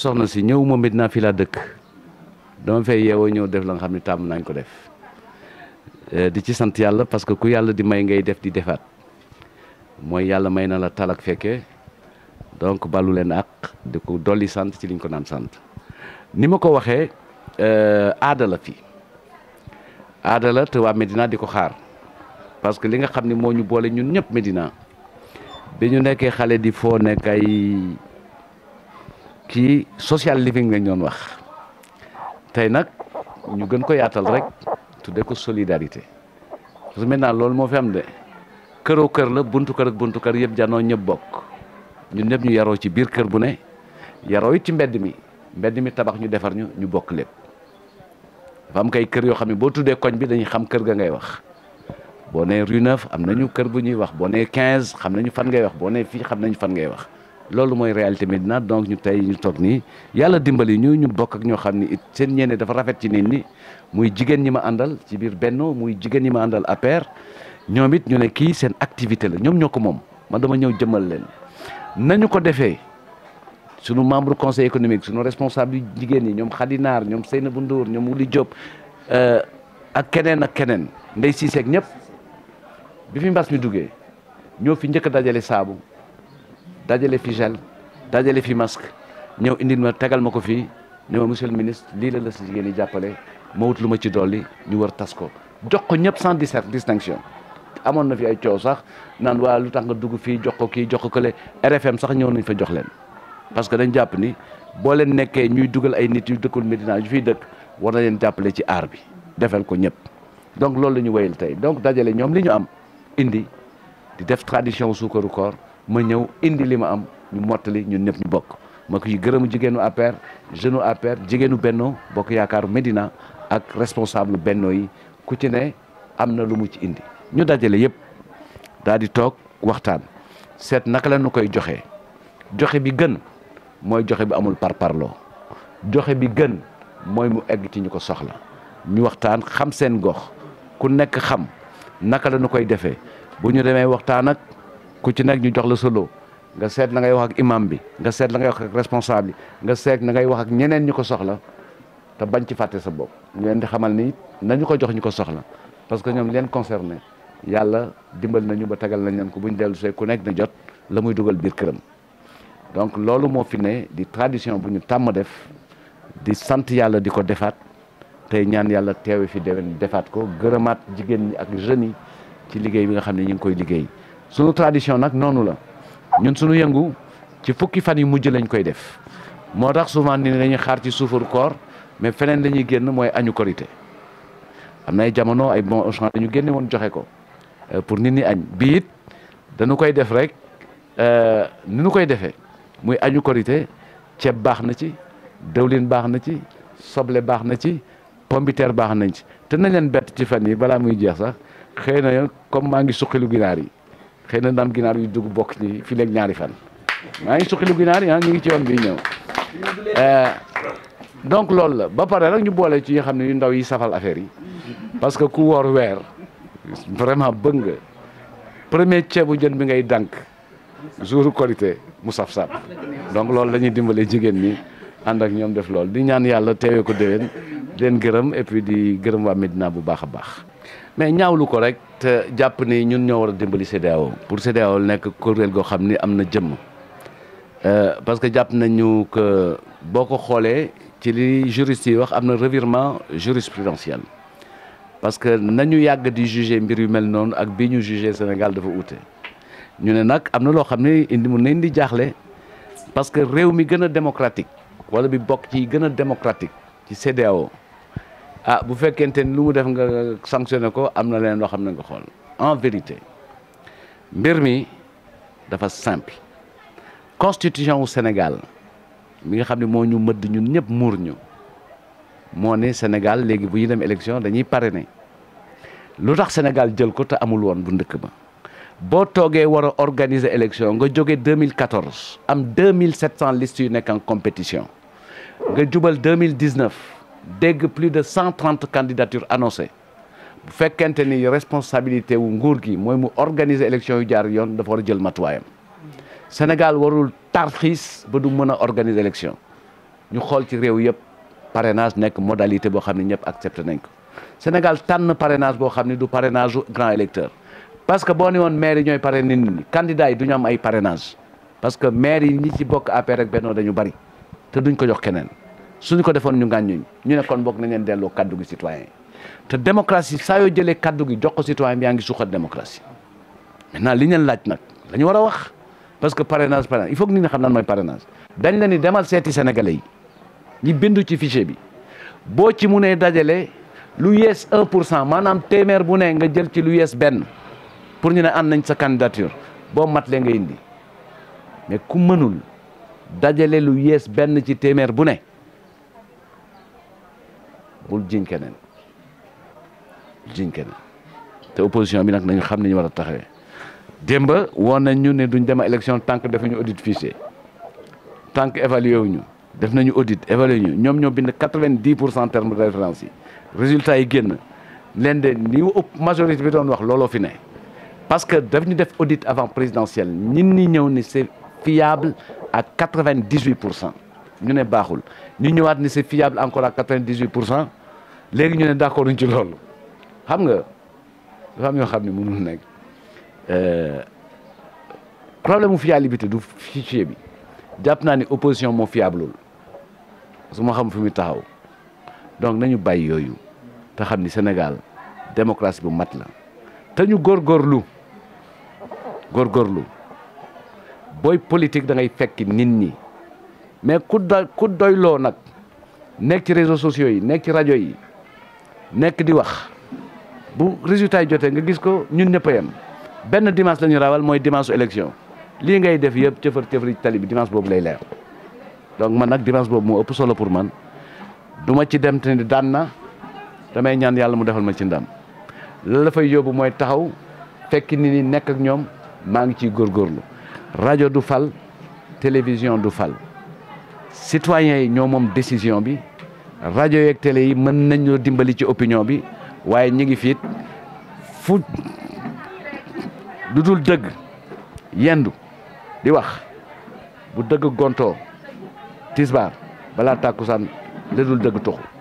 soxna si ñëw ma Medina fii laa dëkk dama fay yeewoo ñëw def la nga xam ne tàmm nañ ko def eh, di ci sant yàlla parce que ku yàlla di may ngay def di defaat mooy yàlla may na la talak fekke donc balu leen ak di ko dolli sant ci liñ ko naan sant ni ma ko waxee eh, aada la fi aada te waa Medina di ko xaar parce que li nga xam ne moo ñu boole ñun ñëpp Medina bi ñu nekkee xale di foo nekk ay ci social living lañ doon wax tey nag ñu gën ko yaatal rek tudde ko solidarité parce que maintenant loolu moo fi am de këroo kër la buntu kër ak buntu kër yëpp janoo ñëpp bokk ñun ñëpp ñu yaroo ci biir kër bu ne yaroo yit ci mbedd mi mbedd mi tabax ñu defar ñu ñu bokk lépp dafa am kay kër yoo xam ne boo tuddee koñ bi dañuy xam kër ga ngay wax boo nee rue am nañu kër bu ñuy wax boo ne quinze xam nañu fan ngay wax boo ne fii xam nañu fan ngay wax loolu mooy réalité Médina donc ñu tey ñu toog nii yàlla dimbali ñu ñu bokk ak ñoo xam ni it seen ñeene dafa rafet ci nit ñi muy ma andal ci beno Benno muy ma andal APR ñoom it ñu ne kii seen activité la ñoom ñoo ko ma dama ñëw jëmal leen nañu ko sunu membre conseil économique sunu responsable yu jigéen ñi ñoom Khadinaar ñoom Seynabou Ndour ñoom Wuli Diop euh, ak keneen ak keneen ndey Cissé ak bi fi mbas mi duggee ñoo fi njëkk a dajale fi gel dajale fi masque ñëw indi ma tegal ma ko fii ne ma monsieur ministre lii la la si jigéen yi jàppale ma wut lu ma ci dolli ñu war tas ko jox ko ñëpp sans distinction amoon na fi ay coow sax naan waa lu tax nga dugg fii jox ko kii jox ko kële RFM sax ñëw nañ fa jox leen parce que dañ jàpp ni boo leen nekkee ñuy dugal ay nit yu dëkkul Médina yu fiy dëkk war na leen jàppale ci aar bi defeel ko ñëpp donc loolu la ñu wéyal tey donc dajale ñoom li ñu am indi di def tradition suukaru koor ma ñëw indi li ma am ñu mottali ñun ñëpp ñu bokk ma koy gërëmu jigéenu APR jeune APR jigéenu Benno Bokk yaakaaru Médina ak responsable Benno yi ku ci ne am na lu mu ci indi ñu dajale yëpp daal di toog waxtaan seet naka la nu koy joxe joxe bi gën mooy joxe bi amul par parloo joxe bi gën mooy mu egg ci ñu ko soxla ñu waxtaan xam seen gox ku nekk xam naka la ñu koy defee bu ñu demee waxtaan ku ci nekk ñu jox la solo nga seet la ngay wax ak imam bi nga seet la ngay wax responsable bi nga seet la ngay wax ak ñeneen ñu ko soxla te bañ ci fàtte sa bopp ñu leen di xamal ni nañu ko jox ñu ko soxla parce que ñoom leen concerné yàlla dimbal nañu ba tegal nañ leen ko buñ dellu see ku nekk na jot la muy dugal biir këram donc loolu moo fi ne di tradition bu ñu tàmm def di sant yàlla di ko defaat tey ñaan yàlla teewe fi déwén defaat ko gërëmaat jigéen ñi ak jeunes yi ci liggéey bi nga xam ne ñu ngi koy liggéey sunu tradition nag noonu la ñun sunu yëngu ci fukki fan yi mujj lañ koy def moo tax souvent ni lañuy xaar ci suufaru koor mais feneen lañuy génn mooy añu korité am na ay jamono ay bon Auchan dañu génne woon joxe ko euh, pour nit ni añ biit it koy def rek euh, ni nu koy defee muy añu korité ceeb baax na ci dëwlin baax na ci soble baax na ci pombiteer baax nañ ci te nañ leen bett ci fan yi balaa muy jeex sax xëy na comme maa ngi suqilu ginaar yi xëy na ndam ginaar yu dugg bokk ci fii léegi ñaari fan maa ngi suqalu ginaar yaa ah, ñu ngi ci yoon bi ñëw euh, donc loolu la ba pare rek ñu boolee ci ñi xam ne yu ndaw yi safal affaire yi parce que ku woor weer vraiment bëgg nga premier ceebu jën bi ngay dànk jour korité mu saf saf donc loolu lañuy ñuy dimbalee jigéen ñi ànd ak ñoom def loolu di ñaan yàlla teewee ko déwén leen gërëm et puis di gërëm waa Medina bu baax a baax. mais ñaawlu ko rek te jàpp ni ñun ñoo war a dimbali CEDEAO pour CEDEAO nekk kuréel goo xam ni am na jëmm euh, parce que jàpp nañu que boo ko xoolee ci li yi wax am na revirement jurisprudentiel parce que nañu yàgg di juger mbir yu mel noonu ak bii ñu juger Sénégal dafa wuute ñu ne nag am na loo xam ne indi mun na indi jaaxle parce que réew mi gën a démocratique wala bi bokk ci gën a démocratique ci CEDEAO ah bu fekkente ni lu mu def nga sanctionné ko am na leen loo xam ne nga xool en vérité mbir mi dafa simple constitution wu Sénégal mi nga xam ne moo ñu mëdd ñun ñëpp muur ñu moo ne Sénégal léegi bu ñu dem élection dañuy parrainer lu tax Sénégal jël ko te amul woon bu ndëkk ba boo toogee war a organiser élection nga jóge 2014 am 2700 listes yu nekk en compétition nga jubal 2019 dégg plus de 130 candidatures annoncées bu fekkente ni responsabilité wu nguur gi mooy mu organiser élection yu jaar yoon dafa war a jël matuwaayam Sénégal warul tarxiis ba du mën a organiser élection ñu xool ci réew yëpp parrainage nekk modalité boo xam ne ñëpp accepté nañ ko Sénégal tànn parrainage boo xam ne du parrainage grand électeur parce que boo ne woon maire yi ñooy parrainé nit ñi candidat yi du ñu am ay parrainage parce que maire yi ñi ci bokk APR ak Benno dañu bari te duñ ko jox keneen suñu ko defoon ñu ngàññuñ ñu ne kon bokk nañ leen delloo kaddu gi citoyen te démocratie saa yoo jëlee kaddu gi jox ko citoyen bi yaa ngi suuxat démocratie maintenant li ñeen laaj nag la ñu wax parce que parrainage parrainage il faut que ñi xam lan mooy parrainage dañ la ni demal seeti sénégalais yi ñi bindu ci fichier bi ci dajale lu yees un pour cent bu ne nga jël ci lu yees benn pour ñu ne am nañ sa candidature mat lee nga indi mais ku mënul dajale lu yees benn ci téeméer bu bul jiñ keneen Le keneen te opposition bi nag nous xam ni ñu war a taxawee démba woon ñu ne duñ dem élection tant que defuñu audit fichier tant que nous wuñu def nañu audit évalué ñu ñoom ñoo bind termes terme de référence Le résultat yi génn leen de ni ëpp majorité bi doon wax looloo fi ne parce que daf ñu def audit avant présidentielle Nous ñi ni c'est fiable à 98%. Nous dix huit Nous cent ñu baaxul ñu ni fiable encore à 98%. léegi ñu ne d'accord ñu ci loolu xam nga dafa am ñoo xam ne mënul nekk euh, problème mu fiabilité du fichier bi jàpp naa ni opposition moo fiableul su ma xam fu muy taxaw donc nañu bàyyi yooyu te xam ni Sénégal démocratie bu mat la te ñu góorgóorlu góorgóorlu booy politique da ngay fekki nit ñi mais ku doy ku doyloo nag nekk ci réseaux sociaux yi nekk ci rajo yi Nek di wax bu résultat yi jotee nga gis ko ñun ñëpp yem benn dimanche la ñu raawal mooy dimanche élection lii ngay def yëpp cëfar cëfari tali bi dimanche boobu lay leer donc man nag dimanche boobu moo ëpp solo pour man du ci dem te ni daan damay ñaan yàlla mu defal ma ci ndam la la fay taxaw fekk ak ngi du fal télévision du fal décision bi rajo yeeg télé yi mën nañoo dimbali ci opinion bi waaye ñu ngi fiit fu lu dul dëgg yendu di wax bu dëgg gontoo tisbaar balaa tàkkusaan lu dul dëgg toxu